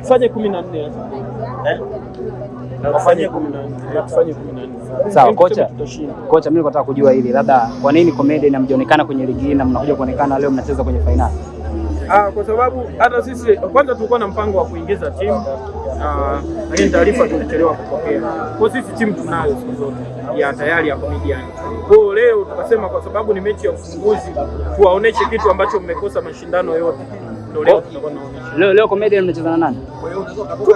Tufanye kumi na nne sawa. Kocha, kocha, mimi nataka kujua hili labda, kwa nini Comedian hamjaonekana kwenye ligi hii na mnakuja kuonekana leo mnacheza kwenye fainali? Ah, kwa sababu hata sisi kwanza tulikuwa na mpango wa kuingiza timu ah, lakini taarifa tulichelewa kupokea. Kwa sisi timu tunayo siku zote ya tayari ya Comedian. Kwa leo tukasema kwa sababu ni mechi ya ufunguzi tuwaoneshe kitu ambacho mmekosa mashindano yote. Leo leo comedian mnacheza na nani?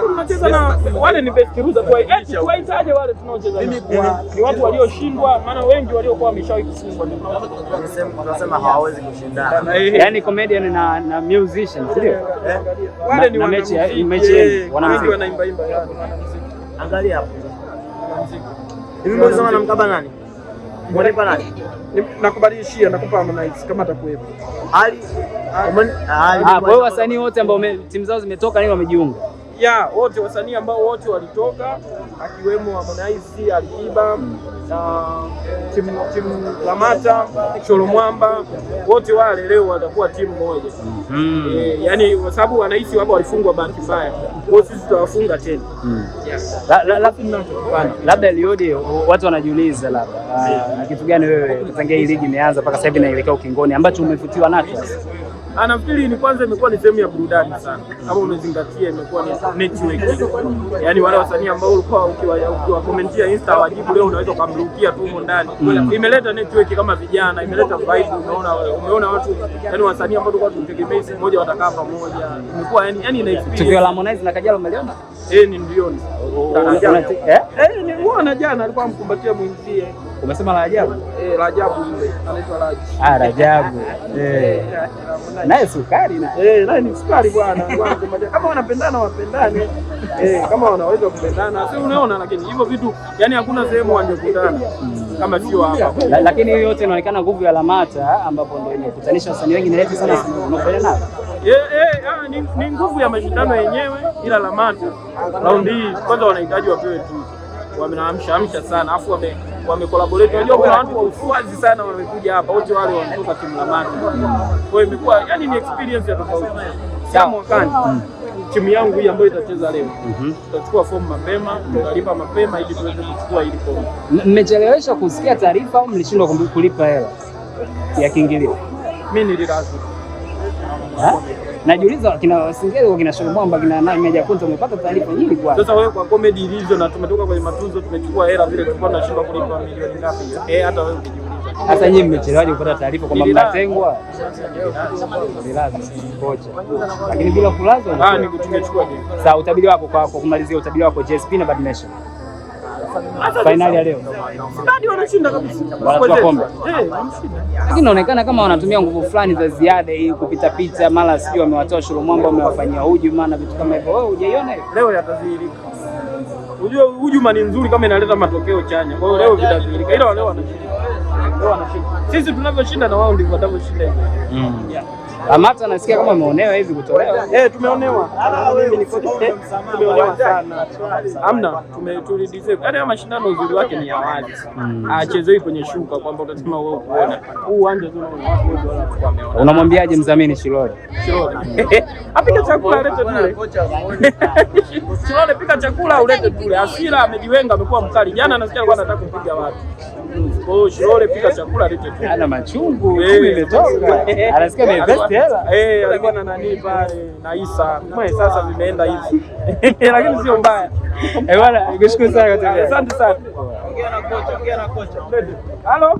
Tunacheza na wale ni best loser tu. Eti eh, tuwaitaje wale tunaocheza nao? Mimi kwa Ni watu walioshindwa, maana wengi waliokuwa wameshawahi kushindwa. Tunasema hawawezi kushindana. Eh. Yaani comedian na na musician, si sio? Eh. Wale ni mechi mechi wana mimi wanaimba imba. Angalia hapo. Mimi mwanzo na mkaba nani? Unanipa nani? Nakubadilishia, nakupa Harmonize kama atakuwepo. Ali Ah, kwa wasanii wote ambao timu zao zimetoka nini wamejiunga? ya wote wasanii ambao wote walitoka akiwemo Harmonize, Alikiba na timu timu Lamata, Cholo Mwamba, wote wale leo watakuwa timu moja mm. E, yani kwa sababu wanahisi wapo walifungwa bahati mbaya, kwa hiyo sisi tutawafunga tena mm. yes. Labda Eliodi, watu wanajiuliza labda ah, na kitu gani wewe, tangia hii ligi imeanza mpaka sasa hivi inaelekea ukingoni, ambacho umevutiwa nacho Nafikiri ni kwanza imekuwa ni sehemu ya burudani sana, kama umezingatia imekuwa ni network, Yaani wale wasanii ambao ulikuwa ukiwakomentia Insta wajibu, leo unaweza ukamrukia tu huko ndani mm. Imeleta network kama vijana, imeleta vibe. Umeona, umeona watu yani wasanii ambao tulikuwa tutegemei siku moja watakaa pamoja, imekuwa yani yani ina experience. Tukio la Harmonize na Kajala umeliona? Eh, ni ndio. Eh, eh, ni uona jana alikuwa amkumbatia mwenzie Umesema la ajabu eh, la ajabu yule anaitwa Raji. Ah, Rajabu eh, naye sukari na eh, naye ni sukari bwana. Kama wanapendana wapendane, eh, kama wanaweza kupendana, si unaona? Lakini hivyo vitu yani hakuna sehemu wangekutana hmm. kama sio hapa, lakini hiyo yote inaonekana nguvu ya Lamata, ambapo ndio inakutanisha wasanii wengi naleti sana unafanya nao eh, yeah, eh, ni, ni nguvu ya mashindano yenyewe, ila Lamata raundi hii kwanza wanahitaji wapewe tuzo wamenaamshaamsha sana, afu wame wamekolaborate. Unajua kuna watu wa ufuazi sana wamekuja hapa, wote wale wanatoka timu la Mati. Kwa hiyo imekuwa yani ni experience ya tofauti sana mwakani mm. timu yangu hii ambayo itacheza leo mhm. tutachukua fomu mapema, tutalipa mapema ili tuweze kuchukua ile fomu. Mmechelewesha kusikia taarifa au mlishindwa kulipa hela ya kiingilio? Mimi nililazimika Najiuliza kina Singeli kwa kina Shalomwamba kina nani meja kwanza umepata taarifa nyingi kwa. Sasa wewe kwa comedy ilivyo na tumetoka kwenye matunzo tumechukua hela vile tulikuwa tunashinda kulipa milioni ngapi? Eh, hata wewe ukijiuliza. Sasa nyinyi mmechelewaje kupata taarifa kwamba mnatengwa? Ni Milazwa kocha. Lakini bila kulazwa ah, ni kutumia chukua. Sasa utabiri wako kwa kumalizia utabiri wako JSP na Bad Nation fainali ya leo stadi wanashinda kabisa, wanachukua kombe, eh, lakini inaonekana kama wanatumia nguvu fulani za ziada ili kupita pita, mara sijui wamewatoa shuru Shurumwamba, wamewafanyia hujuma na vitu kama hivyo. Wewe hujaiona leo yatadhihirika? Unajua hujuma ni nzuri kama inaleta matokeo chanya, kwa hiyo leo vitadhihirika, ila leo wanashinda, wanashinda. sisi tunavyoshinda na wao ndivyo watavyoshinda. Mm. Amata nasikia kama umeonewa hivi kutolewa. Eh, tumeonewa. Tumeonewa sana. Amna, tumetulideserve. Hata mashindano uzuri wake ni ya wazi. Hmm. Achezei kwenye shuka kwamba utasema wewe uone. Huu uanze tu unaona. Unamwambiaje mdhamini Shilole? Shilole. Apika chakula lete tule. Shilole pika chakula ulete tule. Asira amejiwenga amekuwa mkali. Jana nasikia alikuwa anataka kupiga watu. Kwa hiyo Shilole pika chakula lete tu. Ana machungu eh. imetoka. Anasikia ameinvest hela. Eh, alikuwa na nani pale na Isa. Kama sasa vimeenda ah. hivi. Lakini sio mbaya. Eh, bwana, nikushukuru sana kwa tembea. Asante sana. Ongea na kocha, ongea na kocha. Halo.